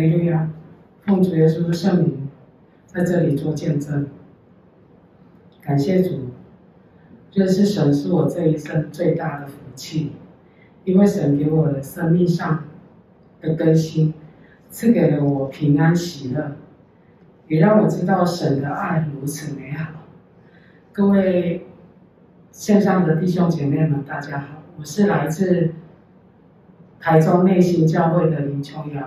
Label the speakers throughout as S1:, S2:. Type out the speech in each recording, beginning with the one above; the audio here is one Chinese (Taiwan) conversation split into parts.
S1: 阿們啊！奉主耶穌的聖名，在這裡做見證。感謝主，認識神是我這一生最大的福氣，因為神給我的生命上的更新，賜給了我平安喜樂，也讓我知道神的愛如此美好。各位線上的弟兄姐妹們，大家好，我是來自台中內新教會的林瓊瑤。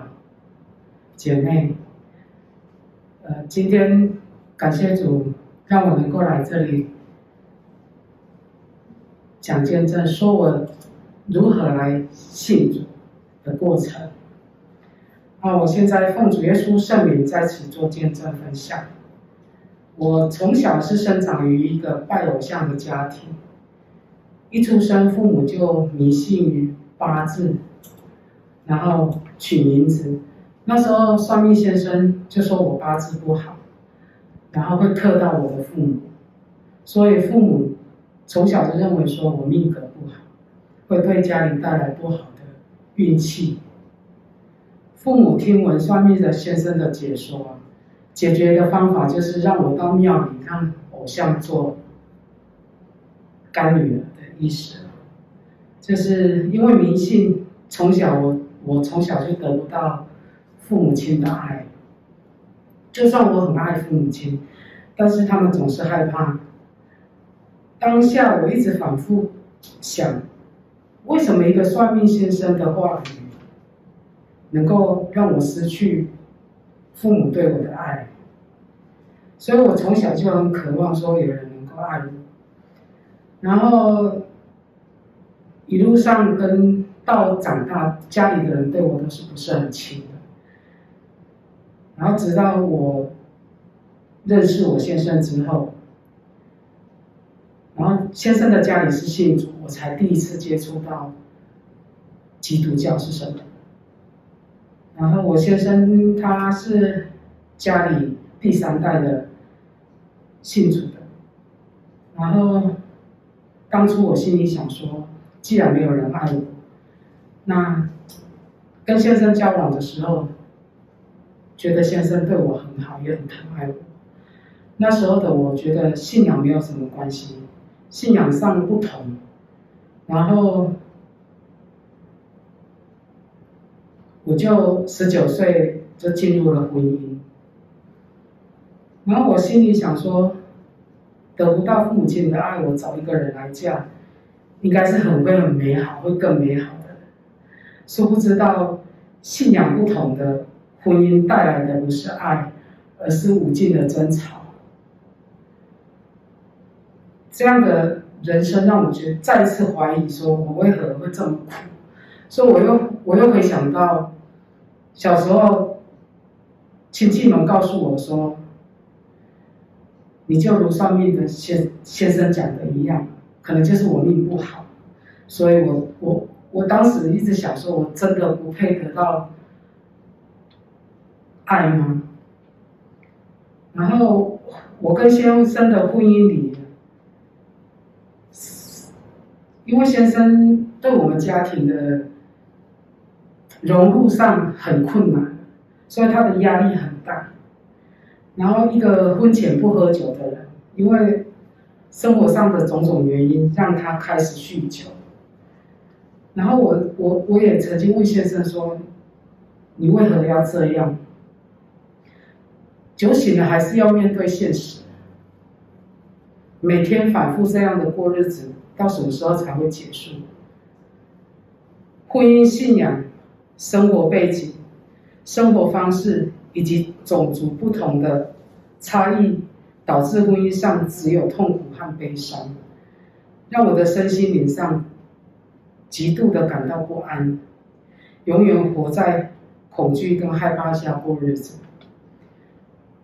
S1: 姐妹，呃，今天感謝主讓我能夠來這裡講見證，說我如何來信主的過程。那我現在奉主耶穌聖名在此做見證分享。我從小是生長於一個拜偶像的家庭，一出生父母就迷信於八字，然後取名字。那時候算命先生就說我八字不好，然後會剋到我的父母，所以父母從小就認為說我命格不好，會對家裡帶來不好的運氣。父母聽聞算命的先生的解說，解決的方法就是讓我到廟裡看偶像做乾女兒的意思，就是因為迷信，從小我我從小就得不到，父母親的愛，就算我很愛父母親，但是他們總是害怕。當下我一直反覆想，為什麼一個算命先生的話，能夠讓我失去父母對我的愛？所以我從小就很渴望說有人能夠愛我。然後一路上跟到長大，家裡的人對我都是不是很親。然後直到我認識我先生之後，然後先生的家裡是信主，我才第一次接觸到基督教是什麼。然後我先生他是家裡第三代的信主的。然後當初我心裡想說，既然沒有人愛我，那跟先生交往的時候。覺得先生對我很好，也很疼愛我。那時候的我覺得信仰沒有什麼關係，信仰上不同，然後我就十九歲就進入了婚姻。然後我心裡想說，得不到父母親的愛，我找一個人來嫁，應該是很會很美好，會更美好的。殊不知道信仰不同的，婚姻帶來的不是愛，而是無盡的爭吵。這樣的人生讓我覺得再次懷疑，說，我為何會這麼苦？所以，我又我又回想到小時候，親戚們告訴我說：“你就如上面的先先生講的一樣，可能就是我命不好。”所以我，我我我當時一直想說：“我真的不配得到。”愛嗎？然後我跟先生的婚姻裡，因為先生對我們家庭的融入上很困難，所以他的壓力很大。然後一個婚前不喝酒的人，因為生活上的種種原因，讓他開始酗酒。然後我我我也曾經問先生說：“你為何要這樣？”酒醒了，還是要面對現實。每天反覆這樣的過日子，到什麼時候才會結束？婚姻、信仰、生活背景、生活方式以及種族不同的差異，導致婚姻上只有痛苦和悲傷，讓我的身心靈上極度的感到不安，永遠活在恐懼跟害怕下過日子。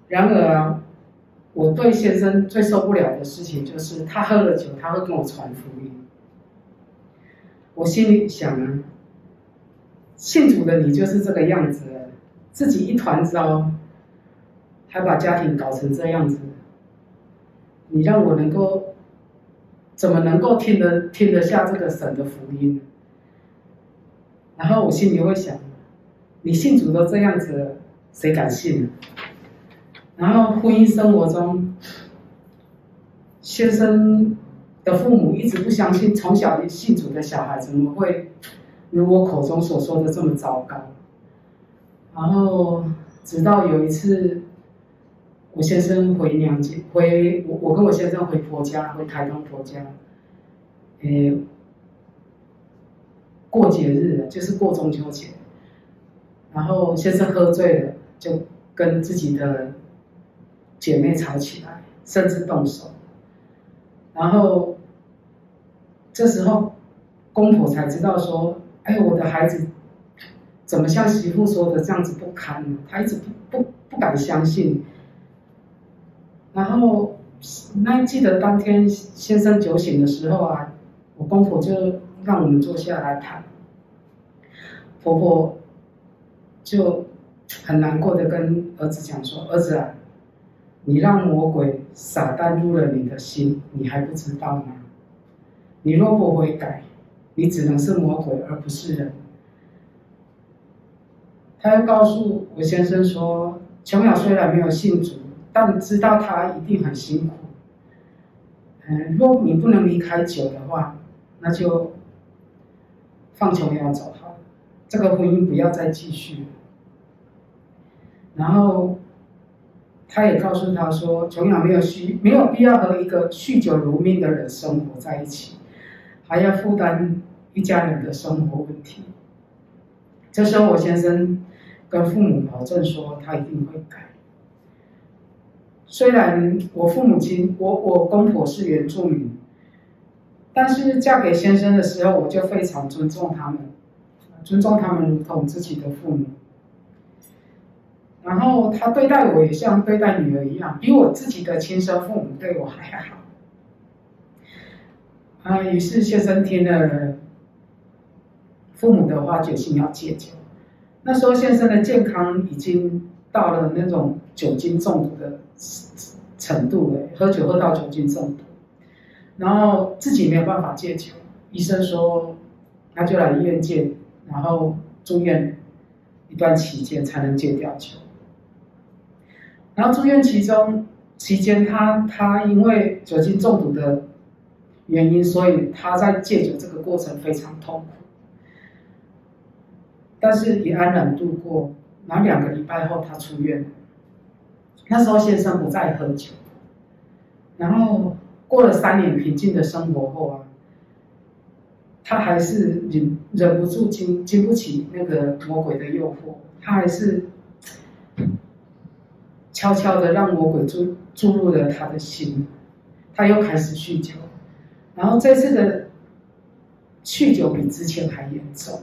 S1: 然而，我對先生最受不了的事情就是，他喝了酒，他會跟我傳福音。我心裡想，信主的你就是這個樣子，自己一團糟，還把家庭搞成這樣子，你讓我能夠怎麼能夠聽得聽得下這個神的福音？然後我心裡會想，你信主都這樣子了，誰敢信？然後婚姻生活中，先生的父母一直不相信從小信主的小孩怎麼會如我口中所說的這麼糟糕。然後直到有一次，我先生回娘家，回我，我跟我先生回婆家，回台東婆家，呃，過節日了，就是過中秋節，然後先生喝醉了，就跟自己的姐妹吵起來，甚至動手，然後這時候公婆才知道說：“哎呦，我的孩子怎麼像媳婦說的這樣子不堪？”她一直不不不敢相信。然後那記得當天先生酒醒的時候啊，我公婆就讓我們坐下來談，婆婆就很難過的跟兒子講說：“兒子啊。”你讓魔鬼撒旦入了你的心，你還不知道嗎？你若不悔改，你只能是魔鬼，而不是人。他又告訴我先生說：“瓊瑤雖然沒有信主，但知道他一定很辛苦。嗯，若你不能離開酒的話，那就放瓊瑤走好，這個婚姻不要再繼續。”然後。他也告訴他說，從來沒有需沒有必要和一個酗酒如命的人生活在一起，還要負擔一家人的生活問題。這時候，我先生跟父母保證說，他一定會改。雖然我父母親，我我公婆是原住民，但是嫁給先生的時候，我就非常尊重他們，尊重他們如同自己的父母。然後他對待我也像對待女兒一樣，比我自己的親生父母對我還好。啊，於是先生聽了父母的話，決心要戒酒。那時候先生的健康已經到了那種酒精中毒的程度了，喝酒喝到酒精中毒，然後自己沒有辦法戒酒，醫生說，那就來醫院戒，然後住院一段期間才能戒掉酒。然後住院其中期間他、他他因為酒精中毒的原因，所以他在戒酒這個過程非常痛苦，但是也安然度過。然後兩個禮拜後，他出院。那時候先生不再喝酒，然後過了三年平靜的生活後啊，他還是忍忍不住經經不起那個魔鬼的誘惑，他還是。悄悄的讓魔鬼注注入了他的心，他又開始酗酒，然後這次的酗酒比之前還嚴重。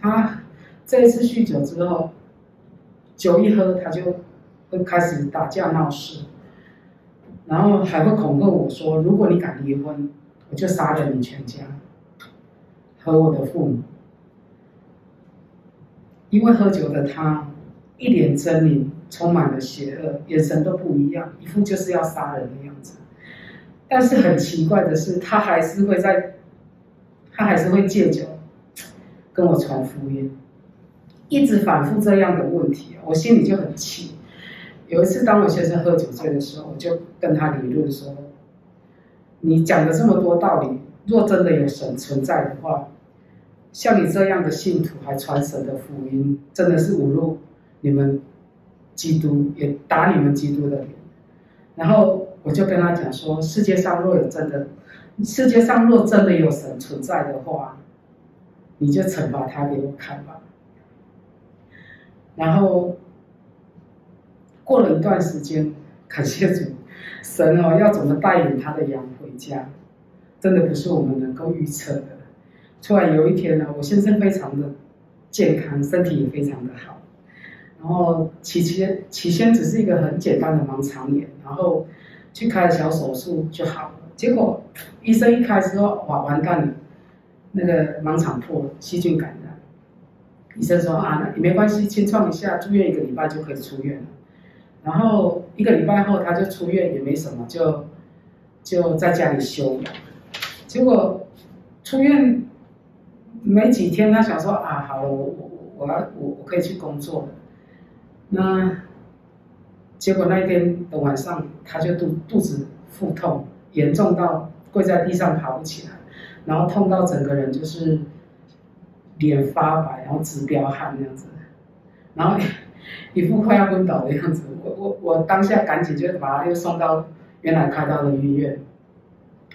S1: 他這一次酗酒之後，酒一喝，他就會開始打架鬧事，然後還會恐嚇我說：“如果你敢離婚，我就殺了你全家和我的父母。”因為喝酒的他一臉猙獰。充滿了邪惡，眼神都不一樣，一副就是要殺人的樣子。但是很奇怪的是，他還是會在，他還是會借酒，跟我傳福音，一直反覆這樣的問題，我心裡就很氣。有一次，當我先生喝酒醉的時候，我就跟他理論說：“你講了這麼多道理，若真的有神存在的話，像你這樣的信徒還傳神的福音，真的是侮辱你們。”基督也打你們基督的臉，然後我就跟他講說：世界上若有真的，世界上若真的有神存在的話，你就懲罰他給我看吧。然後過了一段時間，感謝主，神哦要怎麼帶領他的羊回家，真的不是我們能夠預測的。突然有一天呢，我先生非常的健康，身體也非常的好。然後起先起先只是一個很簡單的盲腸炎，然後去開了小手術就好了。結果醫生一開始說，哇完蛋了，那個盲腸破了，細菌感染。醫生說啊，那也沒關係，清創一下，住院一個禮拜就可以出院了。然後一個禮拜後他就出院，也沒什麼，就就在家裡休養。結果出院沒幾天，他想說啊，好了，我我我我我我可以去工作了。那結果那一天的晚上，他就肚肚子腹痛嚴重到跪在地上爬不起來，然後痛到整個人就是臉發白，然後直飆汗那樣子，然後一，一副快要暈倒的樣子。我我我當下趕緊就把他又送到原來開刀的醫院，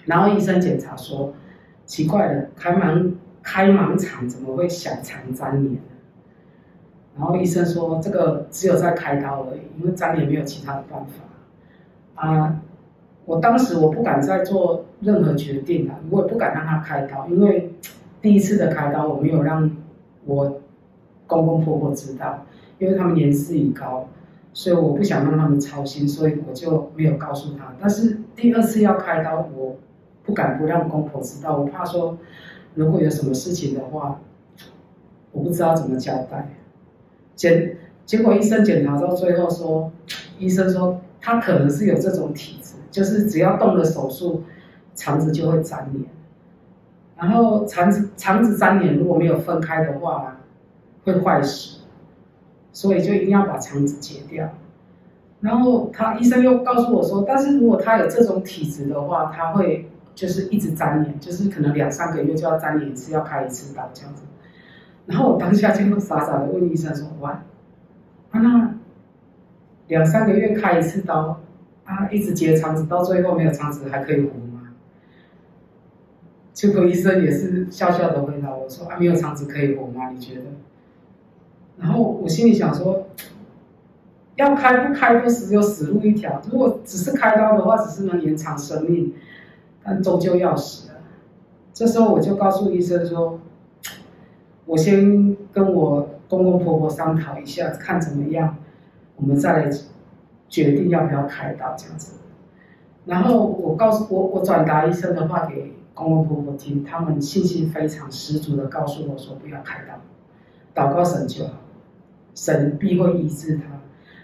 S1: 然後醫生檢查說，奇怪了，開盲開盲腸怎麼會小腸粘連？然後醫生說：“這個只有在開刀而已，因為暫時也沒有其他的辦法。”呃，啊，我當時我不敢再做任何決定了，我也不敢讓他開刀，因為第一次的開刀我沒有讓我公公婆婆知道，因為他們年事已高，所以我不想讓他們操心，所以我就沒有告訴他。但是第二次要開刀，我不敢不讓公婆知道，我怕說如果有什麼事情的話，我不知道怎麼交代。檢結果，醫生檢查到最後說，醫生說他可能是有這種體質，就是只要動了手術，腸子就會粘連，然後腸子腸子粘連如果沒有分開的話，會壞死，所以就一定要把腸子切掉。然後他醫生又告訴我說，但是如果他有這種體質的話，他會就是一直粘連，就是可能兩三個月就要粘連一次，要開一次刀這樣子。然後我當下就傻傻的問醫生說：“哇、啊，那兩三個月開一次刀，啊，一直截腸子，到最後沒有腸子還可以活嗎？”結果醫生也是笑笑的回答我，我說：“啊，沒有腸子可以活嗎？你覺得？”然後我心裡想說：“要開不開就只有死路一條，如果只是開刀的話，只是能延長生命，但終究要死的。”這時候我就告訴醫生說。我先跟我公公婆婆商討一下，看怎麼樣，我們再來決定要不要開刀這樣子。然後我告訴我，我轉達醫生的話給公公婆婆聽，他們信心非常十足的告訴我說，不要開刀，禱告神就好，神必會醫治他。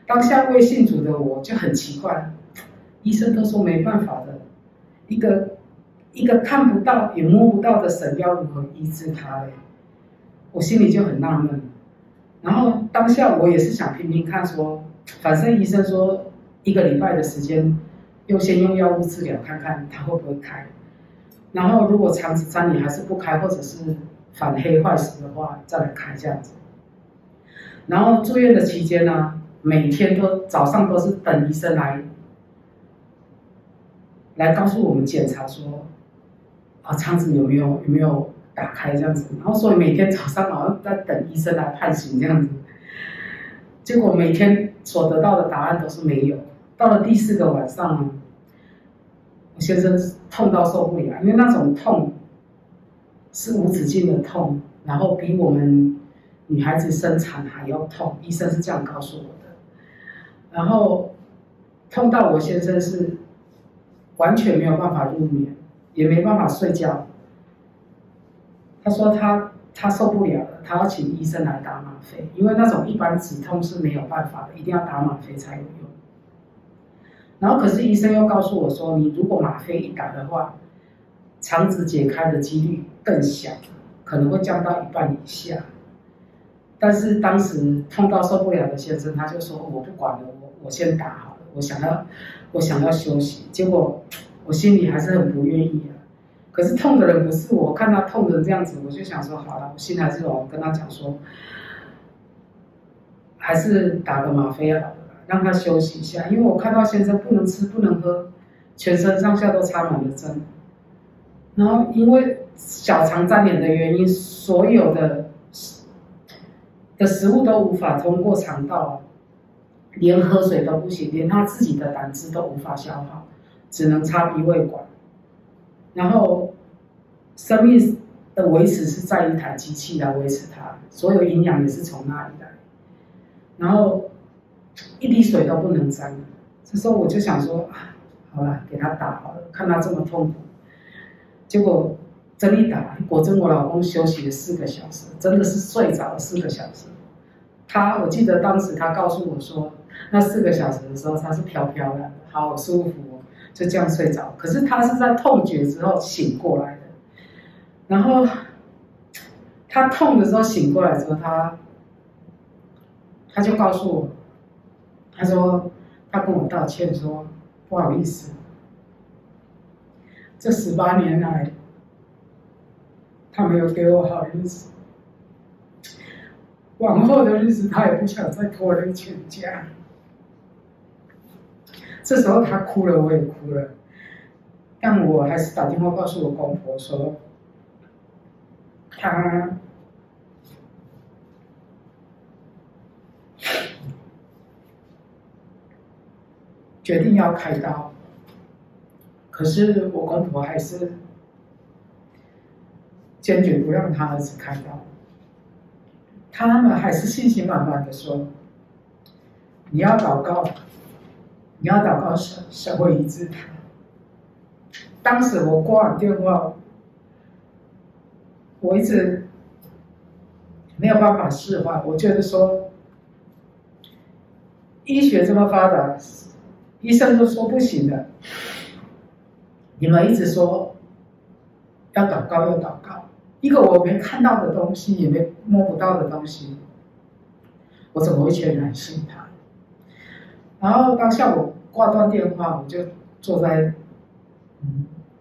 S1: 當下未信主的我就很奇怪，醫生都說沒辦法的，一個一個看不到也摸不到的神要如何醫治他呢？我心裡就很納悶，然後當下我也是想拼命看說，說反正醫生說一個禮拜的時間，用先用藥物治療看看他會不會開，然後如果腸子粘連還是不開，或者是反黑壞死的話，再來開這樣子。然後住院的期間呢、啊，每天都早上都是等醫生來，來告訴我們檢查說，啊腸子有沒有有沒有。有沒有打開這樣子，然後所以每天早上好像在等醫生來判刑這樣子，結果每天所得到的答案都是沒有。到了第四個晚上，我先生痛到受不了，因為那種痛是無止境的痛，然後比我們女孩子生產還要痛，醫生是這樣告訴我的。然後痛到我先生是完全沒有辦法入眠，也沒辦法睡覺。他說他他受不了了，他要請醫生來打嗎啡，因為那種一般止痛是沒有辦法的，一定要打嗎啡才有用。然後可是醫生又告訴我說，你如果嗎啡一打的話，腸子解開的幾率更小，可能會降到一半以下。但是當時痛到受不了的先生，他就說，我不管了，我我先打好了，我想要我想要休息。結果我心裡還是很不願意啊。可是痛的人不是我，看他痛的這樣子，我就想說，好了，我心還是好，我跟他講說，還是打個嗎啡好了，讓他休息一下。因為我看到先生不能吃不能喝，全身上下都插滿了針，然後因為小腸粘連的原因，所有的的食物都無法通過腸道，連喝水都不行，連他自己的膽汁都無法消化，只能插鼻胃管。然後，生命的維持是在一台機器來維持它，所有營養也是從那裡來。然後，一滴水都不能沾。這時候我就想說，好了，給他打好了，看他這麼痛苦。結果針一打，果真我老公休息了四個小時，真的是睡着了四個小時。他，我記得當時他告訴我說，那四個小時的時候他是飄飄的，好，好舒服。就這樣睡着，可是他是在痛覺之後醒過來的。然後他痛的時候醒過來之後，他他就告訴我，他說他跟我道歉說，說不好意思，這十八年來他沒有給我好日子，往後的日子他也不想再拖累全家。這時候他哭了，我也哭了，但我還是打電話告訴我公婆說，他決定要開刀，可是我公婆還是堅決不讓他兒子開刀，他們還是信心滿滿的說，你要禱告。你要禱告什什麼醫治他？當時我掛完電話，我一直沒有辦法釋懷。我就是說，醫學這麼發達，醫生都說不行的。你們一直說要禱告，要禱告，告，一個我沒看到的東西，也沒摸不到的東西，我怎麼會去相信他？然後當下我。掛斷電話，我就坐在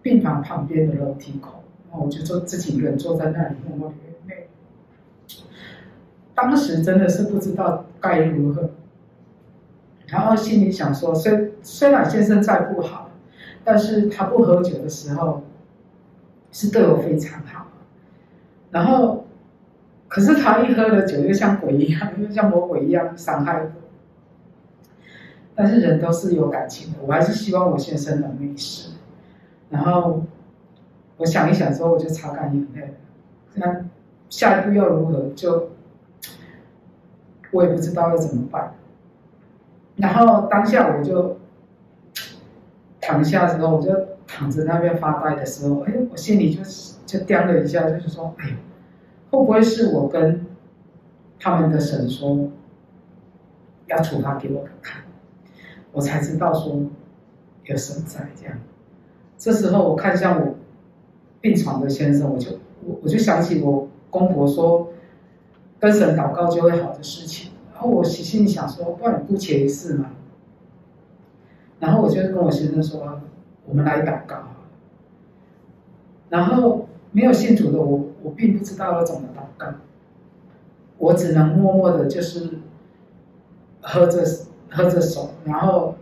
S1: 病房旁邊的樓梯口，然後我就坐自己一個人坐在那裡，默默流淚。當時真的是不知道該如何，然後心裡想說：雖雖然先生再不好，但是他不喝酒的時候是對我非常好，然後可是他一喝了酒，又像鬼一樣，又像魔鬼一樣傷害我。但是人都是有感情的，我還是希望我先生能沒事。然後我想一想之後，我就擦乾眼淚。那下一步又如何？就我也不知道要怎麼辦。然後當下我就躺下之後，我就躺在那邊發呆的時候，哎，我心裡就就掂了一下，就是說，哎呦，會不會是我跟他們的神說要處罰給我看？我才知道說有神在這樣。這時候我看向我病床的先生，我就我我就想起，我公婆說跟神禱告就會好的事情，然後我心裡想說，不然姑且一試嘛，然後我就跟我先生說，我們來禱告。然後沒有信主的我我並不知道要怎麼禱告，我只能默默的就是喝着。握着手，然後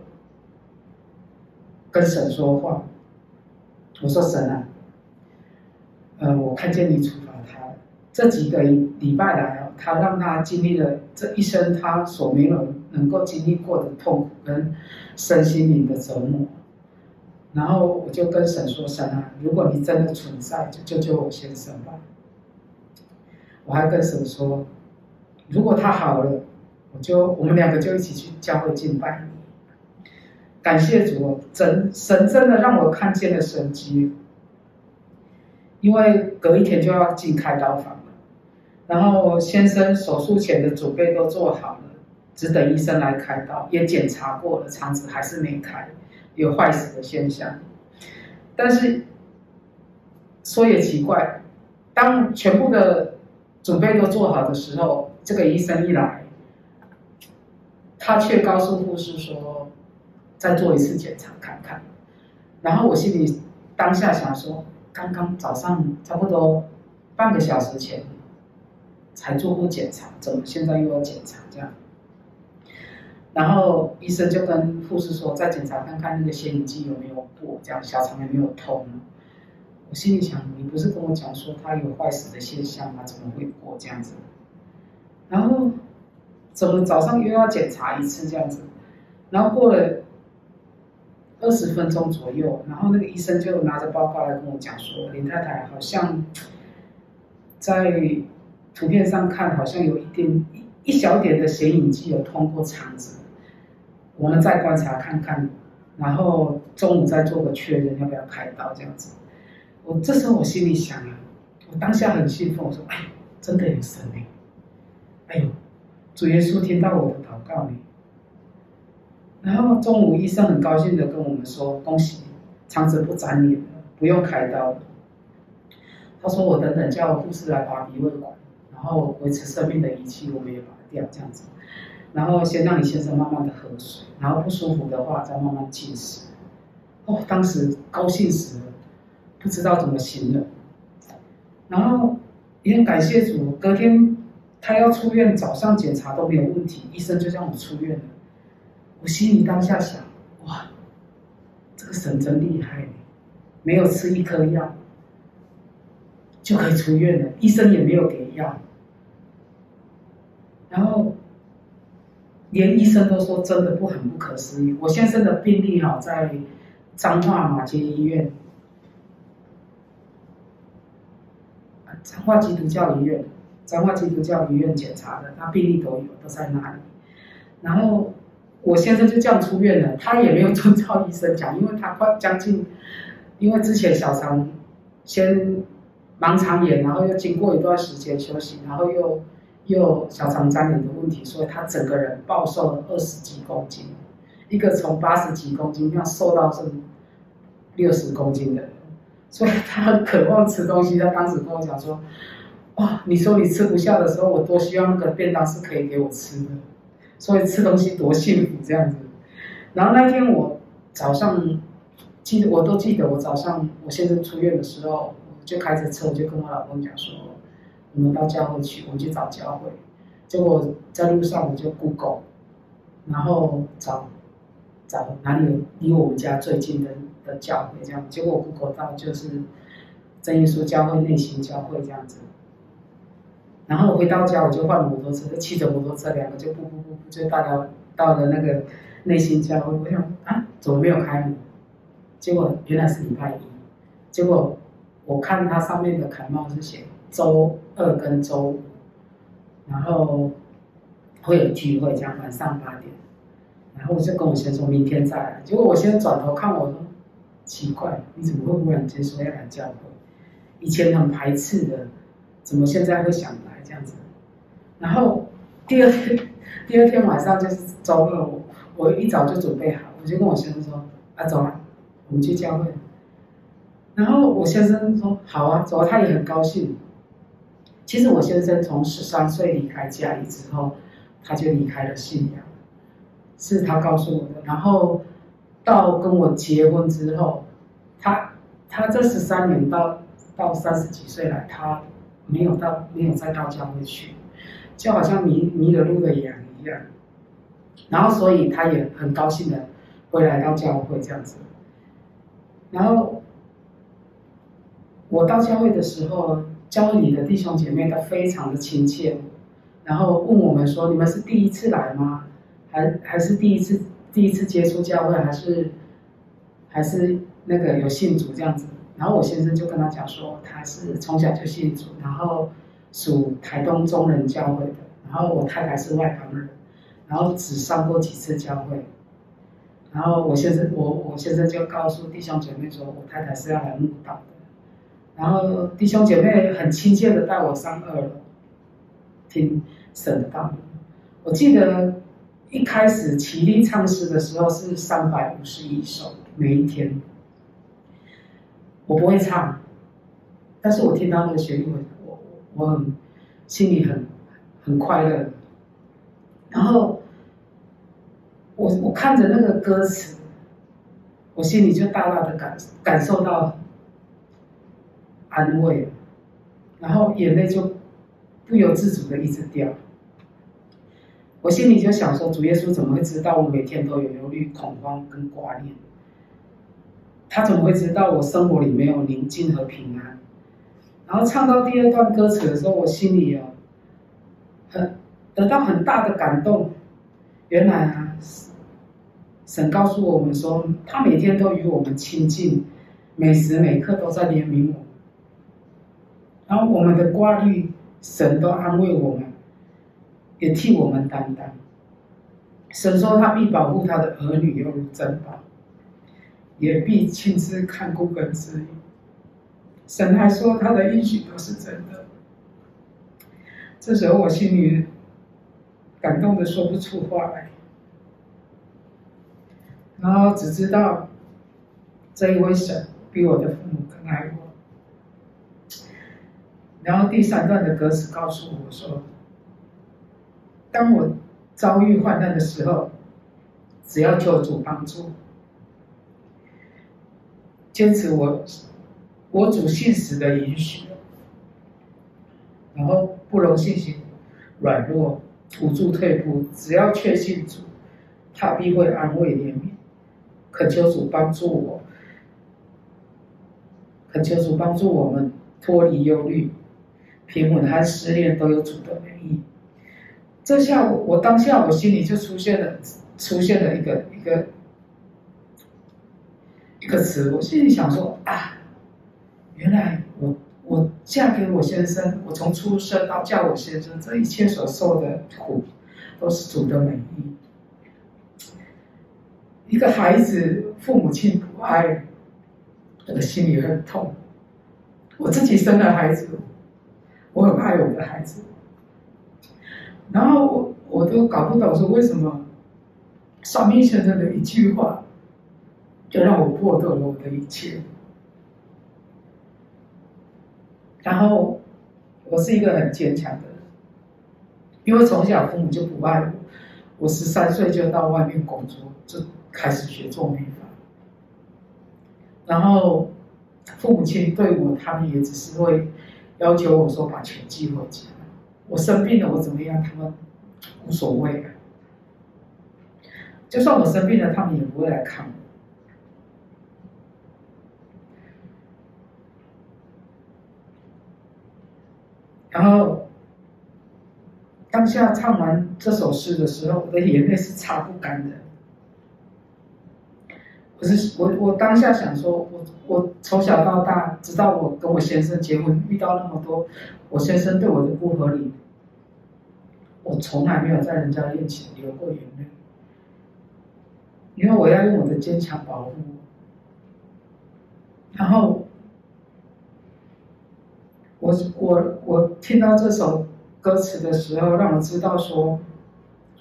S1: 跟神說話。我說：“神啊，呃，我看見你處罰他。這幾個禮拜來他讓他經歷了這一生他所沒有能夠經歷過的痛苦，跟身心靈的折磨。然後我就跟神說：‘神啊，如果你真的存在，就救救我先生吧。’我還跟神說：‘如果他好了，’”就我們兩個就一起去教會敬拜，感謝主，真神真的讓我看見了神蹟。因為隔一天就要進開刀房了，然後先生手術前的準備都做好了，只等醫生來開刀，也檢查過了，腸子還是沒開，有壞死的現象，但是說也奇怪，當全部的準備都做好的時候，這個醫生一來。他卻告訴護士說：“再做一次檢查看看。”然後我心裡當下想說：“剛剛早上差不多半個小時前才做過檢查，怎麼現在又要檢查這樣？”然後醫生就跟護士說：“再檢查看看那個顯影劑有沒有過，這樣小腸有沒有通。”我心裡想：“你不是跟我講說他有壞死的現象嗎？怎麼會過這樣子？”然後。怎麼早上又要檢查一次這樣子，然後過了二十分鐘左右，然後那個醫生就拿着報告來跟我講說：“林太太好像在圖片上看好像有一點一一小點的顯影劑有通過腸子，我們再觀察看看，然後中午再做個確認，要不要開刀這樣子？”我這時候我心裡想啊，我當下很興奮，我說：“哎，真的有生命！”哎呦。主耶穌聽到我的禱告裡，然後中午醫生很高興的跟我們說：“恭喜你，腸子不黏你了，不用開刀。”他說：“我等等叫護士來拔鼻胃管，然後維持生命的儀器我們也拔掉，這樣子，然後先讓你先生慢慢的喝水，然後不舒服的話再慢慢進食。”哦，當時高興死了，不知道怎麼形容，然後也很感謝主，隔天。他要出院，早上檢查都沒有問題，醫生就叫我出院了。我心裡當下想，哇，這個神真厲害，沒有吃一顆藥就可以出院了，醫生也沒有給藥。然後連醫生都說真的不很不可思議。我先生的病歷好在彰化馬偕醫院，彰化基督教醫院。彰化基督教醫院檢查的，他病歷，都有，都在那裡。然後我先生就這樣出院了，他也沒有遵照醫生講，因為他快將近，因為之前小腸先盲腸炎，然後又經過一段時間休息，然後又又小腸粘連的問題，所以他整個人暴瘦了二十幾公斤，一個從八十幾公斤要瘦到這六十公斤的，所以他很渴望吃東西。他當時跟我講說。哇！你說你吃不下的時候，我多希望那個便當是可以給我吃的，所以吃東西多幸福這樣子。然後那天我早上記得，我都記得，我早上我先生出院的時候，就開着車我就跟我老公講說：“我們到教會去，我們去找教會。”結果在路上我就 Google，然後找找哪裡有離我們家最近的的教會這樣。結果我 Google 到就是真耶穌教會、內新教會這樣子。然後回到家，我就換摩托車，騎着摩托車，兩個就噗噗噗就到了，到了那個內新教會。我問啊，怎麼沒有開門？結果原來是禮拜一。結果我看他上面的海報是寫周二跟周五，然後會有聚會講晚上八點。然後我就跟我先生說，明天再來。結果我先生轉頭看我，我說奇怪，你怎麼會忽然間說要來教會？以前很排斥的，怎麼現在會想來？然後第二天，第二天晚上就是周二，我我一早就準備好，我就跟我先生說：“啊，走了，啊、我們去教會。”然後我先生說：“好啊，走，啊。”他也很高興。其實我先生從十三歲離開家裡之後，他就離開了信仰，是他告訴我的。然後到跟我結婚之後，他他這十三年到到三十幾歲了，他沒有到沒有再到教會去。就好像迷迷了路的羊一樣，然後所以他也很高興的，回來到教會這樣子。然後我到教會的時候，教會裡的弟兄姐妹都非常的親切，然後問我們說：“你們是第一次來嗎？還還是第一次第一次接觸教會，還是還是那個有信主這樣子？”然後我先生就跟他講說：“他是從小就信主。”然後屬台東中人教會的，然後我太太是外邦人，然後只上過幾次教會，然後我先生我我先生就告訴弟兄姐妹說，我太太是要來慕道的，然後弟兄姐妹很親切的帶我上二樓聽神道。我記得一開始齊力唱詩的時候是三百五十一首每一天，我不會唱，但是我聽到那個旋律我很心裡很很快樂，然後我我看着那個歌詞，我心裡就大大的感感受到安慰，然後眼淚就不由自主的一直掉。我心裡就想說，主耶穌怎麼會知道我每天都有憂慮、恐慌跟掛念？他怎麼會知道我生活裡沒有寧靜和平安？然後唱到第二段歌詞的時候，我心裡有、啊、很得到很大的感動。原來啊，神告訴我們說，他每天都與我們親近，每時每刻都在憐憫我們。然後我們的掛慮，神都安慰我們，也替我們擔當。神說：“他必保護他的兒女，猶如珍寶；也必親自看顧跟隨。”神還說他的應許都是真的，這時候我心裡感動的說不出話來，然後只知道這一位神比我的父母更愛我。然後第三段的歌詞告訴我說，當我遭遇患難的時候，只要求主幫助，堅持我。我主信實的允許，然後不容信心軟弱無助退步，只要確信主，他必會安慰憐憫，懇求主幫助我，懇求主幫助我們脫離憂慮、平穩，和失戀都有主的美意。這下我，我當下我心裡就出現了，出現了一個一個一個詞，我心裡想說啊。原來我我嫁給我先生，我從出生到嫁我先生，這一切所受的苦，都是主的美意。一個孩子父母親不愛，這個心裡很痛。我自己生了孩子，我很愛我的孩子。然後我我都搞不懂說為什麼，算命先生的一句話，就讓我剝奪了我的一切。然後，我是一個很堅強的人，因為從小父母就不愛我，我十三歲就到外面工作，就開始學做美髮。然後，父母親對我，他們也只是會要求我說把錢寄回家。我生病了，我怎麼樣，他們無所謂了啊。就算我生病了，他們也不會來看我。然後，當下唱完這首詩的時候，我的眼淚是擦不乾的。可是我我當下想說，我我從小到大，直到我跟我先生結婚，遇到那麼多我先生對我的不合理，我從來沒有在人家面前流過眼淚，因為我要用我的堅強保護。然後。我我我聽到這首歌詞的時候，讓我知道說，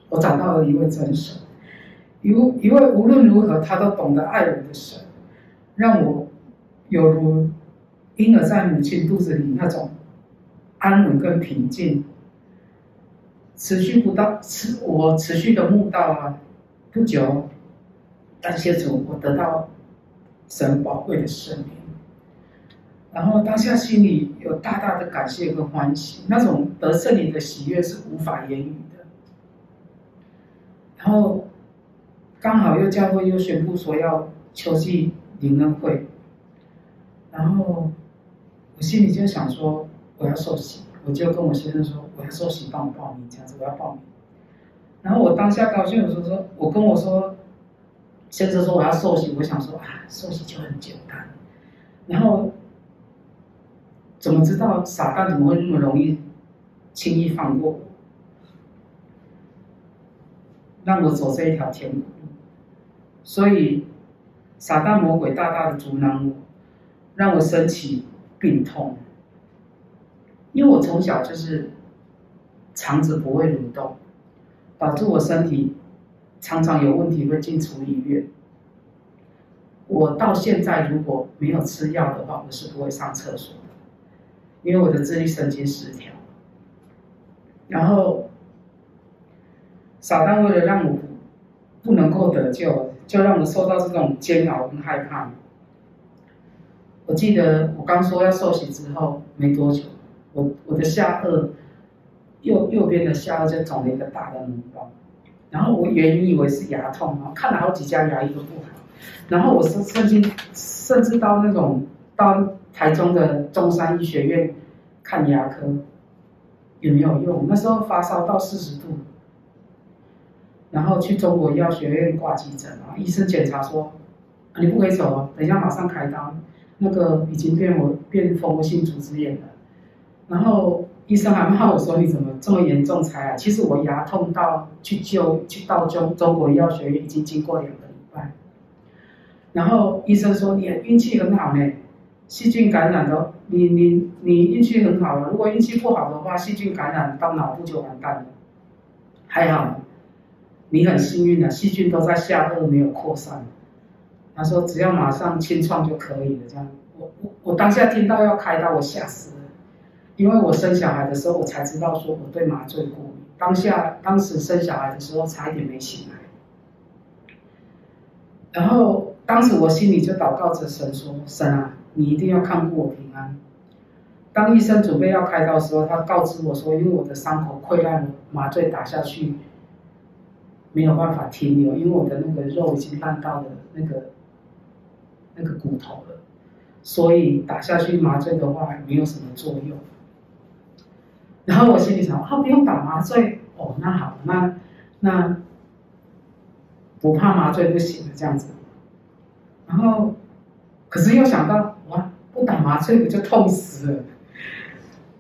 S1: 我找到了一位真神，一位一位無論如何他都懂得愛我的神，讓我有如嬰兒在母親肚子裡那種安穩跟平靜，持續不到持我持續的目到啊，不久，感謝主，我得到神寶貴的生命。然後當下心裡有大大的感謝和歡喜，那種得聖靈的喜悅是無法言語的。然後剛好又教會又宣布說要秋季靈恩會，然後我心裡就想說我要受洗，我就跟我先生說我要受洗，幫我報名這樣子，我要報名。然後我當下高興的時候說我跟我說，先生說我要受洗，我想說啊受洗就很簡單，然後。怎麼知道撒旦怎麼會那麼容易輕易放過，讓我走這一條天路？所以撒旦魔鬼大大的阻撓我，讓我生起病痛。因為我從小就是腸子不會蠕動，導致我身體常常有問題，會進出醫院。我到現在如果沒有吃藥的話，我是不會上廁所。因為我的自律神經失調，然後撒旦為了讓我不能夠得救，就讓我受到這種煎熬跟害怕。我記得我剛說，我剛說要受洗之後沒多久，我我的下顎右右邊的下顎就腫了一個大的膿包，然後我原以為是牙痛，然後看了好幾家牙醫都不好，然後我甚至甚至到那種到。台中的中山醫學院看牙科也沒有用，那時候發燒到四十度，然後去中國醫藥學院掛急診，然後醫生檢查說、啊、你不可以走，等一下馬上開刀，那個已經變我變蜂窩性組織炎了，然後醫生還罵我說，你怎麼這麼嚴重才來、啊？其實我牙痛到去救去到中中國醫藥學院已經經過兩個禮拜，然後醫生說，你運氣很好呢。細菌感染的，你你你，你運氣很好了啊。如果運氣不好的話，細菌感染到腦部就完蛋了。還好，你很幸運啊，細菌都在下顎，沒有擴散。他說只要馬上清創就可以了，這樣。我我我當下聽到要開刀，我嚇死了，因為我生小孩的時候我才知道說我對麻醉過敏，當下當時生小孩的時候差一點沒醒來。然後當時我心裡就禱告着神說：“神啊！”你一定要看顧我平安。當醫生準備要開刀的時候，他告知我說，因為我的傷口潰爛，麻醉打下去沒有辦法停留，因為我的那個肉已經爛到了那個那個骨頭了，所以打下去麻醉的話沒有什麼作用。然後我心裡想，啊，不用打麻醉哦，那好，那那不怕麻醉不行的這樣子。然後，可是又想到。不打麻醉我就痛死了，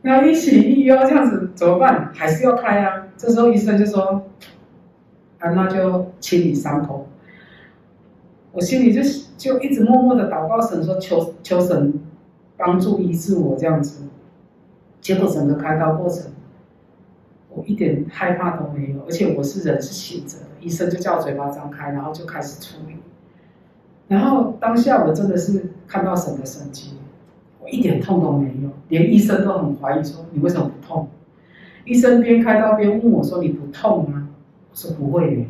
S1: 然後一起一腰這樣子怎麼辦？還是要開啊？這時候醫生就說：“啊，那就清理傷口。”我心裡就就一直默默的禱告神，說求求神幫助醫治我這樣子。結果整個開刀過程，我一點害怕都沒有，而且我是人是醒着的，醫生就叫我嘴巴張開，然後就開始處理。然後當下我真的是看到神的神蹟。一點痛都沒有，連醫生都很懷疑說，說你為什麼不痛？醫生邊開刀邊問我，我說：“你不痛嗎？”我說：“不會耶。”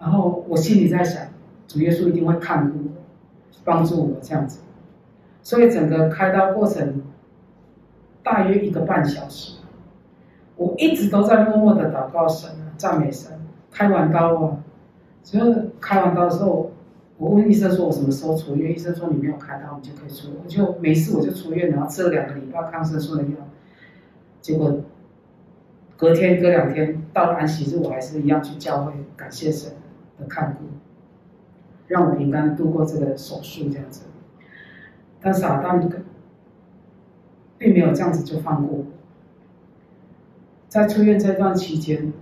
S1: 然後我心裡在想，主耶穌一定會看顧我、幫助我這樣子。所以整個開刀過程大約一個半小時，我一直都在默默的禱告神啊、讚美神。開完刀啊，就是開完刀之後。我問醫生說我什麼時候出院，醫生說你沒有開刀，你就可以出院。我就沒事，每次我就出院，然後吃了兩個禮拜抗生素的藥。結果隔天、隔兩天到了安息日，我還是一樣去教會感謝神的看護，讓我平安度過這個手術這樣子。但是撒旦並沒有這樣子就放過我，在出院這段期間，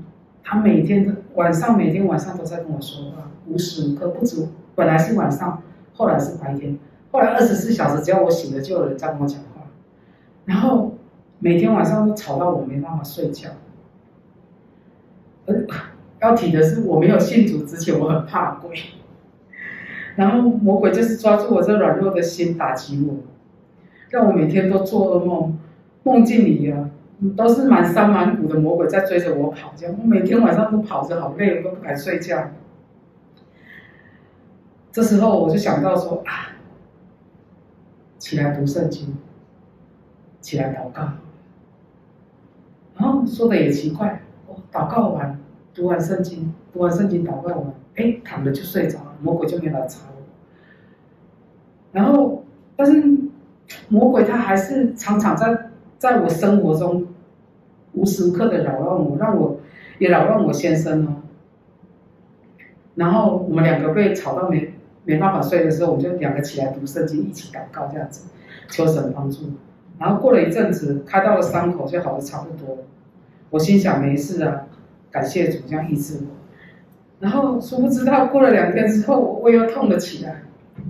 S1: 他每天晚上每天晚上都在跟我說話，無時無刻不止。五本來是晚上，後來是白天，後來二十四小時，只要我醒了，就有人在跟我講話，然後每天晚上都吵到我沒辦法睡覺。要提的是，我沒有信主之前，我很怕鬼，然後魔鬼就是抓住我這軟弱的心打擊我，讓我每天都做噩夢，夢境裡啊都是滿山滿谷的魔鬼在追着我跑，這樣我每天晚上都跑着好累，我都不敢睡覺。這時候我就想到說啊，起來讀聖經，起來禱告。然後說得也奇怪，哦，禱告完，讀完聖經，讀完聖經禱告完，哎，躺着就睡着了，魔鬼就沒來吵我。然後，但是魔鬼他還是常常在在我生活中無時無刻的擾亂我，讓我也擾亂我先生哦。然後我們兩個被吵到沒。沒辦法睡的時候，我們就兩個起來讀聖經，一起禱告這樣子，求神幫助。然後過了一陣子，開到了傷口就好的差不多。我心想沒事啊，感謝主這樣醫治我。然後殊不知道過了兩天之後，我胃又痛了起來。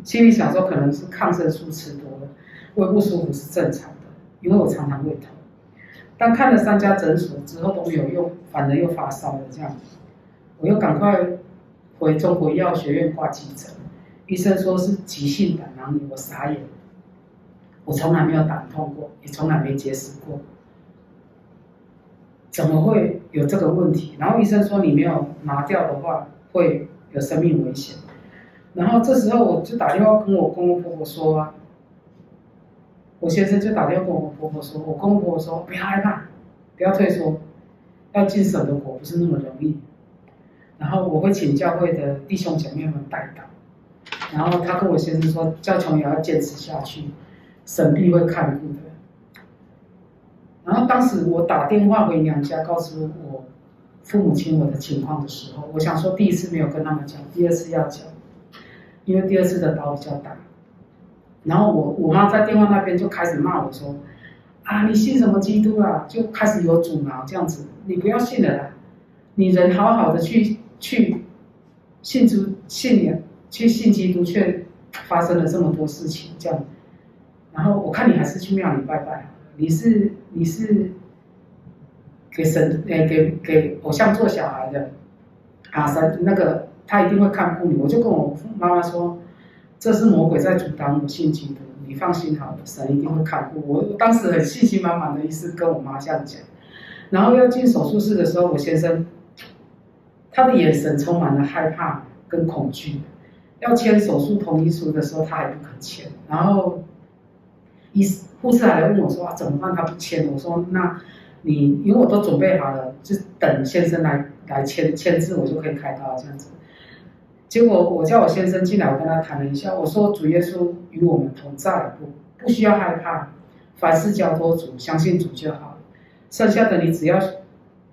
S1: 心裡想說可能是抗生素吃多了，胃不舒服是正常的，因為我常常胃疼。但看了三家診所之後都沒有用，反而又發燒了這樣子，我又趕快回中國醫藥學院掛急診。醫生說是急性膽囊炎，我傻眼。我從來沒有膽痛過，也從來沒結石過，怎麼會有這個問題？然後醫生說，你沒有拿掉的話會有生命危險。然後這時候我就打電話跟我公公婆婆說啊，我先生就打電話跟我婆婆說，我公公婆婆說不要害怕，不要退縮，要進神的國不是那麼容易。然後我會請教會的弟兄姐妹們代禱。然後他跟我先生說：“叫瓊瑤也要堅持下去，神必會看顧的。”然後當時我打電話回娘家，告訴我父母親我的情況的時候，我想說第一次沒有跟他們講，第二次要講，因為第二次的刀比較大。然後我我媽在電話那邊就開始罵我說：“啊，你信什麼基督啊？”就開始有阻撓這樣子，你不要信了啦，你人好好的去去信主信仰。去信基督卻發生了這麼多事情，這樣，然後我看你還是去廟裡拜拜，你是你是給神誒、欸、給給偶像做小孩的啊，神，那個他一定會看護你。我就跟我媽媽說，這是魔鬼在阻擋我信基督，你放心好了，神一定會看護我。我當時很信心滿滿的，意思跟我媽這樣講。然後要進手術室的時候，我先生他的眼神充滿了害怕跟恐懼。要簽手術同意書的時候，他還不肯簽。然後，醫生護士還問我說：“啊，怎麼辦？他不簽。”我說：“那你，你因為我都準備好了，就等先生來來簽簽字，我就可以開刀了。”這樣子，結果我叫我先生進來，我跟他談了一下，我說：“主耶穌與我們同在，不不需要害怕，凡事交托主，相信主就好。剩下的，你只要，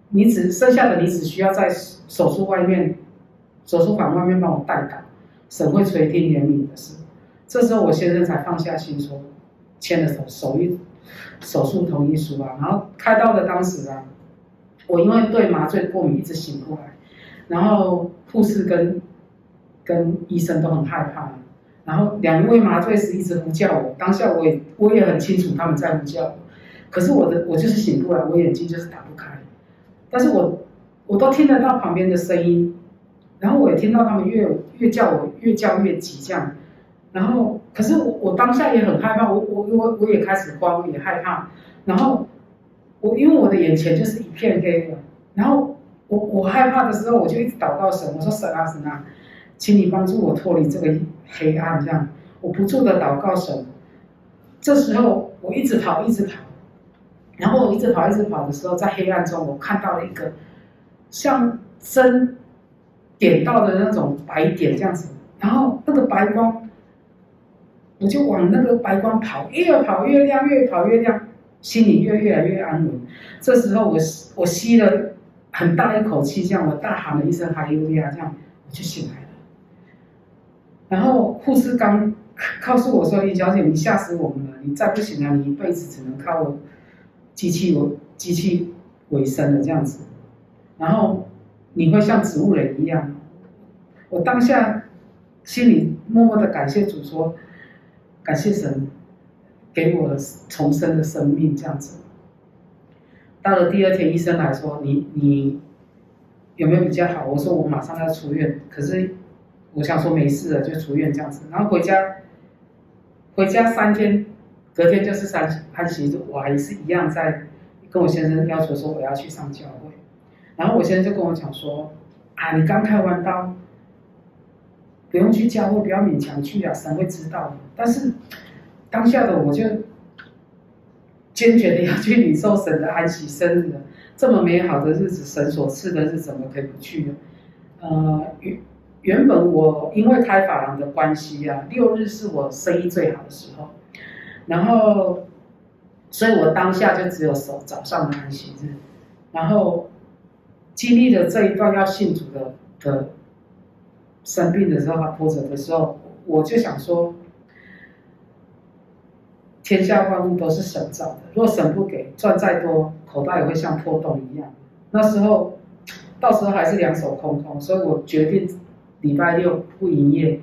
S1: 你只剩下的你只需要在手術外面，手術房外面幫我代禱。神會垂聽憐憫的事，這時候我先生才放下心說，簽了手手一手術同意書啊，然後開刀的當時啊，我因為對麻醉過敏一直醒不來，然後護士跟跟醫生都很害怕，然後兩位麻醉師一直呼叫我，當下我也我也很清楚他們在呼叫我，可是我的我就是醒不來，我眼睛就是打不開，但是我我都聽得到旁邊的聲音。然後我也聽到他們越越叫我，越叫越急這樣，然後可是我我當下也很害怕，我我我我也開始慌，我也害怕，然後我因為我的眼前就是一片黑的，然後我我害怕的時候我就一直禱告神，我說神啊神啊，請你幫助我脫離這個黑暗這樣，我不住的禱告神，這時候我一直跑一直跑，然後我一直跑一直跑的時候，在黑暗中我看到了一個像針。點到的那種白點這樣子，然後那個白光，我就往那個白光跑，越跑越亮，越跑越亮，心裡越越來越安穩。這時候我吸，我吸了很大一口氣，這樣我大喊了一聲“哈利路亞”，這樣我就醒來了。然後護士剛告訴我說：“李小姐，你嚇死我們了！你再不醒來，你一輩子只能靠我機器為機器為生的這樣子，然後。你會像植物人一樣。我當下心裡默默的感謝主說，說感謝神給我重生的生命這樣子。到了第二天，醫生來說你你有沒有比較好？我說我馬上要出院，可是我想說沒事了就出院這樣子。然後回家回家三天，隔天就是三安息日，我還是一樣在跟我先生要求說我要去上教會。然後我先生就跟我講說，啊，你剛開完刀，不用去教會，不要勉強去呀、啊，神會知道的。但是當下的我就堅決的要去領受神的安息聖日了。這麼美好的日子，神所賜的日子怎麼可以不去呢？呃，原原本我因為開髮廊的關係呀、啊，六日是我生意最好的時候，然後，所以我當下就只有守早上的安息日，然後。經歷了這一段要信主的的生病的時候、挫折的時候，我就想說：天下萬物都是神造的，若神不給，賺再多，口袋也會像破洞一樣。那時候，到時候還是兩手空空，所以我決定禮拜六不營業，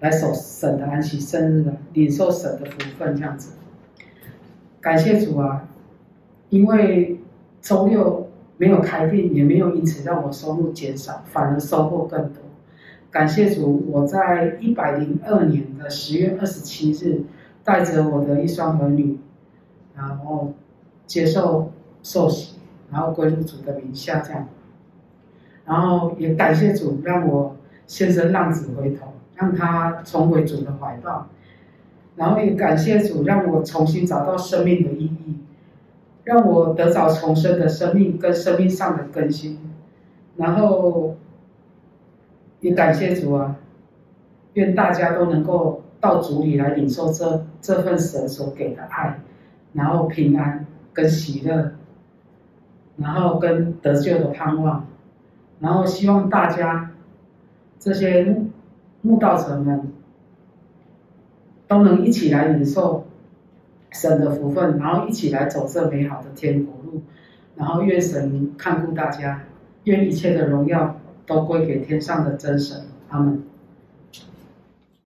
S1: 來守神的安息聖日了，領受神的福分，這樣子。感謝主啊，因為周六。沒有開店，也沒有因此讓我收入減少，反而收穫更多。感謝主，我在一百零二年的十月二十七日，帶着我的一雙兒女，然後接受受洗，然後歸入主的名下這樣。然後也感謝主，讓我先生浪子回頭，讓他重回主的懷抱。然後也感謝主，讓我重新找到生命的意義。讓我得著重生的生命跟生命上的更新，然後也感謝主啊！願大家都能夠到主裡來領受這這份神所給的愛，然後平安跟喜樂，然後跟得救的盼望，然後希望大家這些慕道者們都能一起來領受，神的福分，然後一起來走這美好的天國路，然後願神看顧大家，願一切的榮耀都歸給天上的真神，阿們。